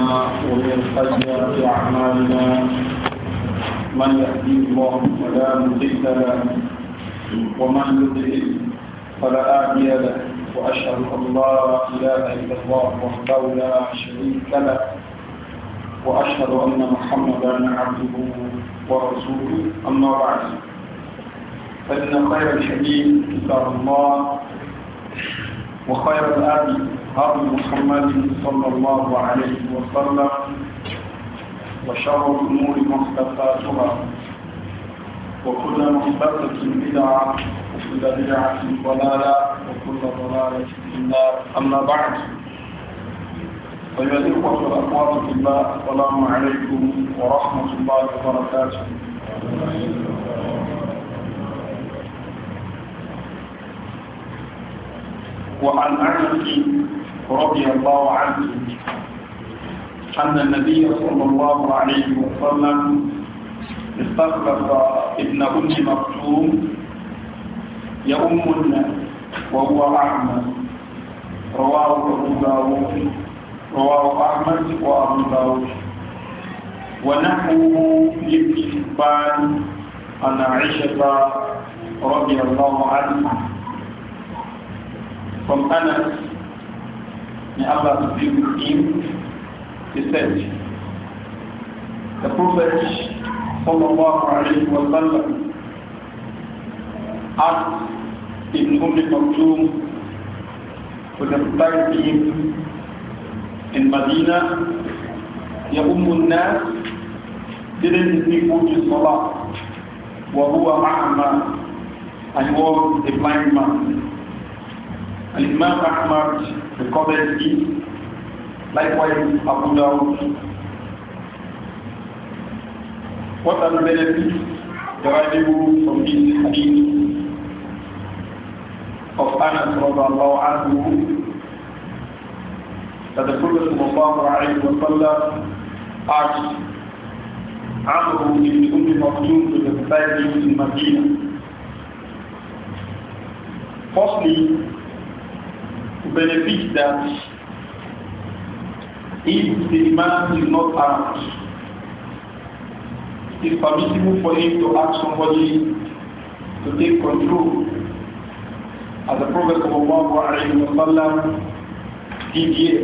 علينا ومن سيئات أعمالنا من يهدي الله فلا مضل له ومن يضلل فلا هادي له وأشهد أن لا إله إلا الله وحده لا شريك له وأشهد أن محمدا عبده ورسوله أما بعد فإن خير الحديث كتاب الله وخير الآن هذا محمد صلى الله عليه وسلم وشر الأمور مختفاتها وكل مختفة بدعة وكل بدعة ضلالة وكل ضلالة في النار أما بعد أيها الإخوة الأقوال في الله السلام عليكم ورحمة الله وبركاته وعن أنس رضي الله عنه أن النبي صلى الله عليه وسلم استخلف ابن أم مكتوم يؤم الناس وهو أعمى رواه أبو داود رواه أحمد وأبو داود ونحوه لابن حبان عن عائشة رضي الله عنها from Anas, may Allah be with him, he said, the Prophet sallallahu alayhi wa sallam asked Ibn Umm Maktoum to respect him in Medina, Ya Umm nas didn't his people do Salah, wa huwa ma'ama, and was a blind man. And Imam Ahmad recorded it. Likewise, Abu Dawud. What are the benefits derivable from this hadith of Anas radiallahu anhu that the Prophet sallallahu alayhi wa sallam asked Amr ibn Umm Maktoum to the disciples in Medina. Firstly, benefit that if the demand is not around, it is permissible for him to ask somebody to take control. As the Prophet of Allah wasallam did here.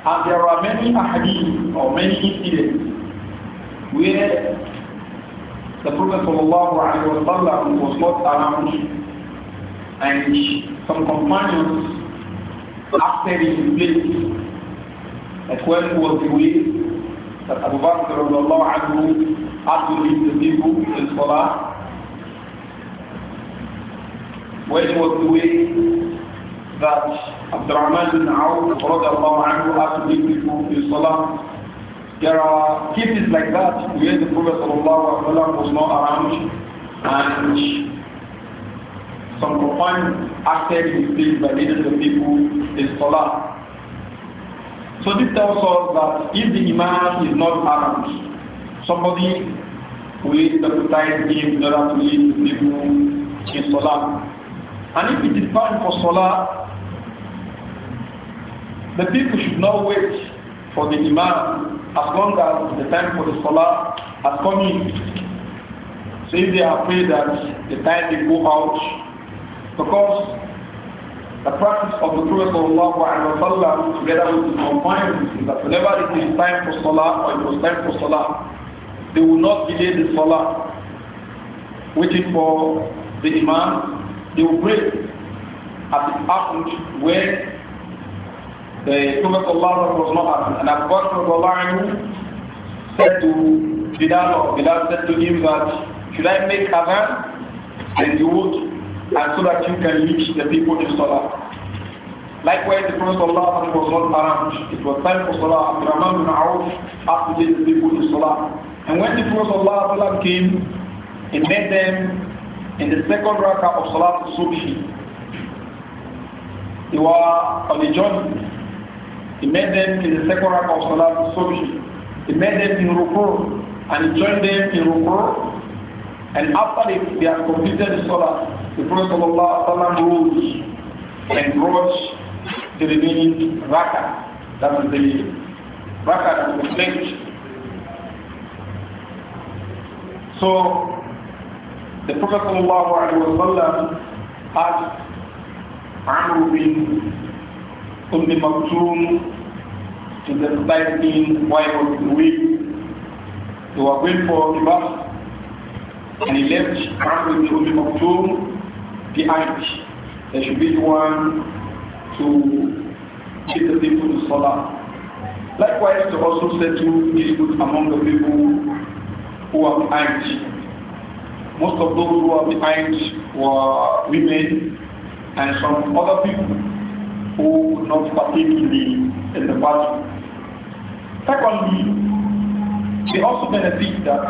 And there are many ahadith or many incidents where the Prophet ﷺ was not around and some companions after his place, like when he was away, that Abu Bakr anhu had to lead the people in Salah. When he was away, that Abdurrahman bin Auf anhu had to lead the people in Salah. There are cases like that where the Prophet was not around and some companions acted in things by leading the people is Salah. So this tells us that if the Imam is not armed, somebody will deputize him in order to lead the people in Salah. And if it is time for Salah, the people should not wait for the Imam as long as the time for the Salah has come in. So if they are afraid that the time they go out because the practice of the Prophet وسلم, together with his companions is that whenever it is time for Salah or it was time for Salah, they will not delay the Salah, waiting for the Imam. They will pray at the happened where the Prophet was not absent. And Abu Bakr said to Bilal, Bilal said to him that, should I make Adhan? And he would and so that you can lead the people to Salah. Likewise, the Prophet Allah was not around. It was time for Salah. Abdurrahman bin Auf asked to the people to Salah. And when the Prophet Allah came, he met them in the second rakah of Salah Subhi. They were on the journey. He met them in the second rakah of Salah Subhi. He met them in Rukur and he joined them in Rukur. And after they, they had completed the Salah, the Prophet ﷺ rose and brought the remaining raka, that was the raka that was left. So the Prophet Wasallam asked Amr bin Umm Maktoum to the lightning while he the way. They were going for the and he left Amr bin Umm Maktoum behind. There should be the one to lead the people to Salah. Likewise, to also settle disputes among the people who are behind. Most of those who are behind were women and some other people who would not partake in the, in the battle. Secondly, they also benefit that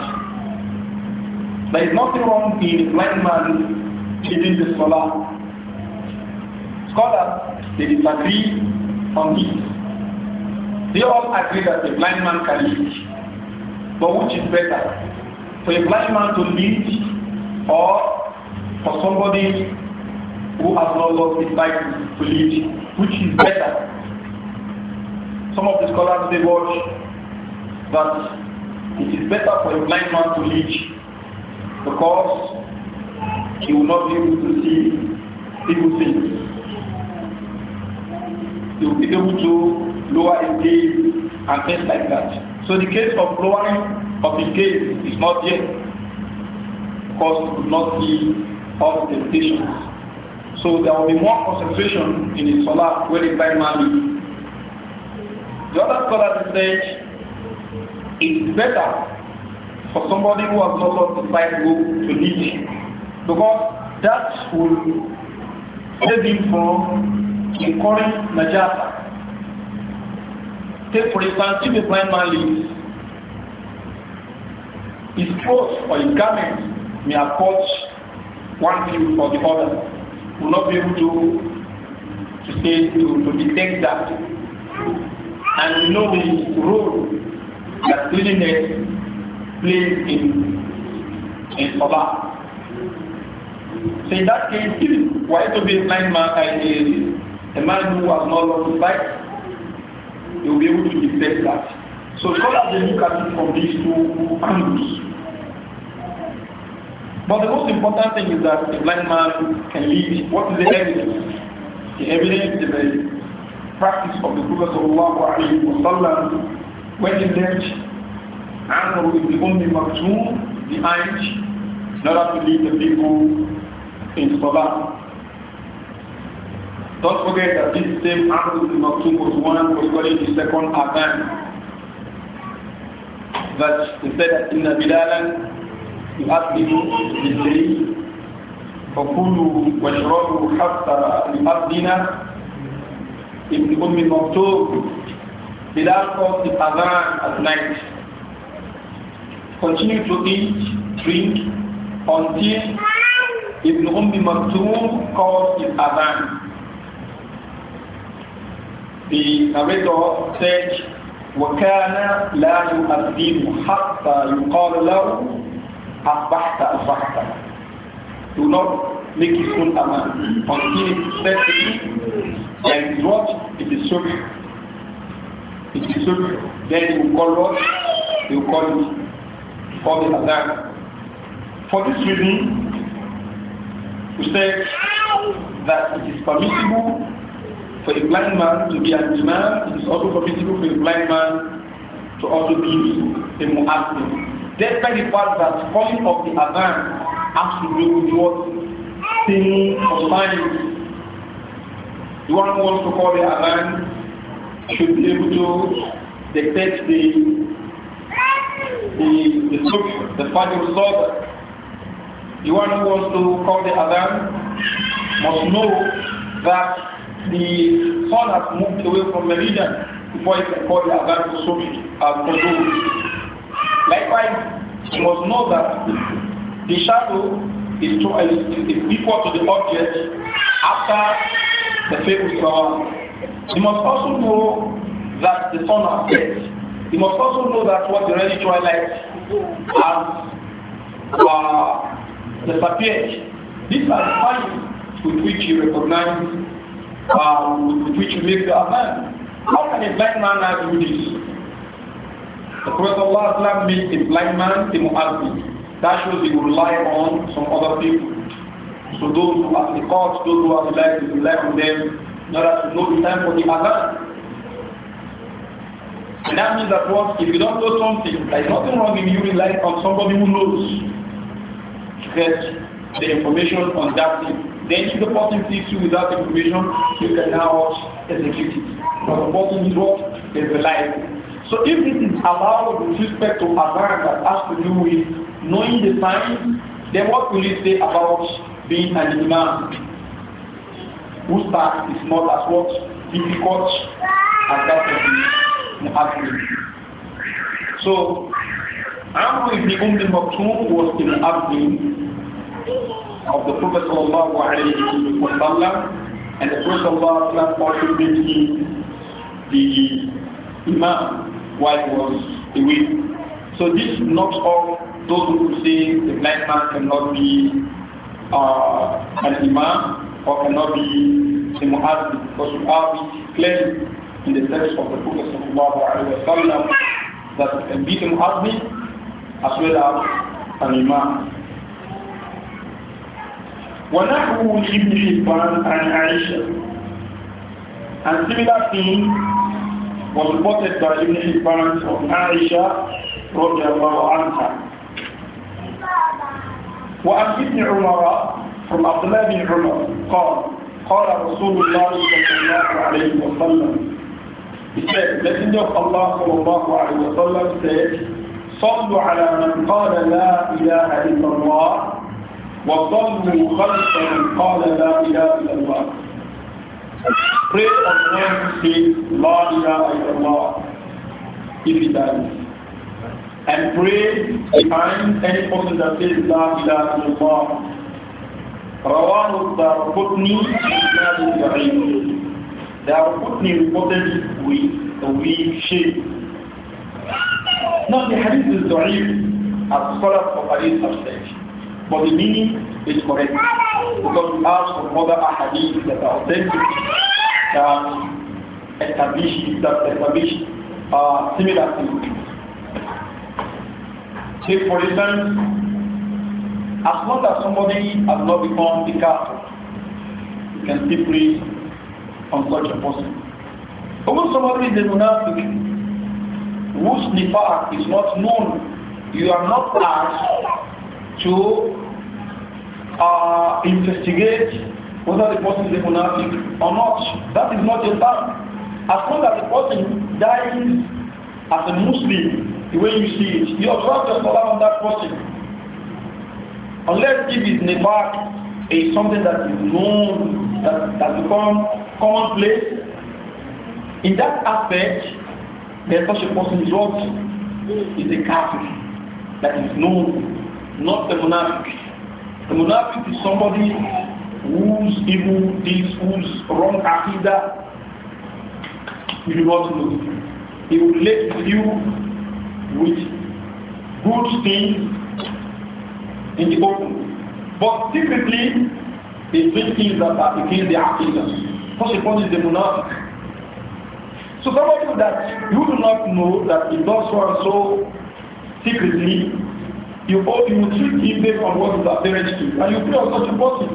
there is nothing wrong in a blind man leaving the Salah. Scholars, they disagree on this. They all agree that a blind man can lead. But which is better? For a blind man to lead or for somebody who has not lost his sight to lead? Which is better? Some of the scholars, they watch that it is better for a blind man to lead because he will not be able to see people things. He will be able to lower his gaze and things like that. So the case of lowering of his gaze is not yet because he could not see all the temptations. So there will be more concentration in his salah when it's by Mali. The other scholar said it's better for somebody who has not lost the sight to lead because that will save him from incurring najasa. Take for instance, if a blind man his clothes or his garments may have caught one view or the other. Will not be able to to say to, to detect that. And you know the role that cleanliness plays in in Salah. So in that case, if were to be a blind man, a, a man who has not lost his sight, he will be able to detect that. So scholars they look at it from these two angles. But the most important thing is that a blind man can lead. What is the evidence? The evidence is the practice of the Prophet وسلم, when he left and ibn Umm Maktoum behind in order to lead the people in Salah. Don't forget that this same Amr Maktoum was one who was calling the second Adhan. But he said that in the Bilalan, he asked him to say, فَكُلُوا وَاشْرَبُوا حَتَّى لِأَذِّنَا Ibn Umm Maktoum, Bilal the Adhan at night. Continue to eat, drink, until Ibn Umm Maktoum calls his Adhan. The narrator said, وَكَانَ لَا يُؤَذِّنُ حَتَّى يُقَالُ لَهُ أَصْبَحْتَ أَصْبَحْتَ Do not make his own Adhan until it says to you, there is It is It is Then you call what? You call it. Call the Adhan. For this reason, who said that it is permissible for a blind man to be an imam, it is also permissible for a blind man to also be a muazzin. Despite the fact that calling of the adhan has to do with what thing of science. The one who wants to call the adhan should be able to detect the the the, the, the, the, the, the, the one who wants to call the Adhan must know that the sun has moved away from meridian before he can call the Adhan to Subi as Qudud. Likewise, he must know that the shadow is, to, is, uh, is equal to the object after the famous Islam. He must also know that the sun has set. He must also know that what the red twilight has uh, disappeared. These are the signs with which you recognize, uh, with which you make the Adhan. How can a black man now do this? The Prophet Allah made a black man a mu'azzin. That shows he will rely on some other people. So those who are the courts, those who are the life, they rely on them in order to know the time for the Adhan. And that means that once, if you don't know something, there is nothing wrong in you relying on somebody who knows get the information on that thing. Then if the person sees you with that information, you can now execute it. But the person is what? Is the life. So if it is allowed with respect to Azan that has to do with knowing the signs, then what will you say about being an imam? Whose task is not as what difficult as that of the So Amr ibn Umm Maktoum was in Abdin of the Prophet sallallahu alayhi wa sallam and the Prophet sallallahu alayhi wa sallam also him the Imam while he was away. So this knocks off those who say the black man cannot be uh, an Imam or cannot be a Muhammad because you have it clearly in the text of the Prophet sallallahu alayhi wa sallam that you can be a Muhammad as well as an imam. ونحو ابن حبان عن عائشة and similar thing was reported by Ibn Hibban from Aisha radiallahu anha. وعن ابن عمر from Abdullah bin Umar قال قال رسول الله صلى الله عليه وسلم He said, Messenger of Allah صلى الله عليه وسلم said, صلوا على من قال لا إله إلا الله وصلوا خلف من قال لا إله إلا الله Pray on man who says, La ilaha illallah if he dies. And pray behind any person that says La ilaha illallah رواه الدارقطني في الصحيح دارقطني reported with a weak shape Now the hadith is da'if as scholars of hadith have said. But the meaning is correct. Because we have some other ahadith that are authentic that establish, that establish uh, similar things. Take for instance, as long as somebody has not become a castle, you can simply on such a person. Almost somebody is a monastic, whose nifaq is not known, you are not asked to uh, investigate whether the person is a monarchic or not. That is not a fact. As long as the person dies as a Muslim, the way you see it, you observe the salah on that person. Unless if his nifaq is something that is known, that, that becomes commonplace, in that aspect, the such a person is what? Is a kafir. That is known, not the monarchic. The monarchic is somebody whose evil deeds, whose wrong aqidah you do not know. He will let with you with good things in the open. But typically, they doing things that are against the aqidah. Such a person is the monarchic. So somebody that you do not know that he does so and so secretly, you hope you will treat him based on what is his appearance to, and you feel such a person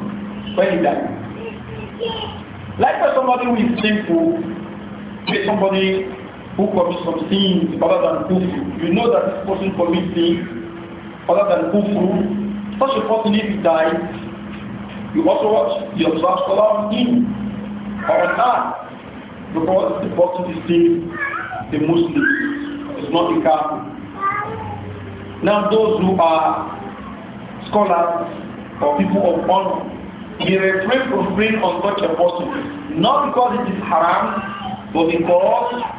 when he dies. Like for somebody who is sinful, say somebody who commits some sins other than kufru, you know that this person commits sins other than kufru, such a person if he dies, you also watch, you observe Salah on him or on her. Because the person is still a Muslim, is not a Catholic. Now those who are scholars or people of honor, they refrain from praying on such a person, not because it is haram, but because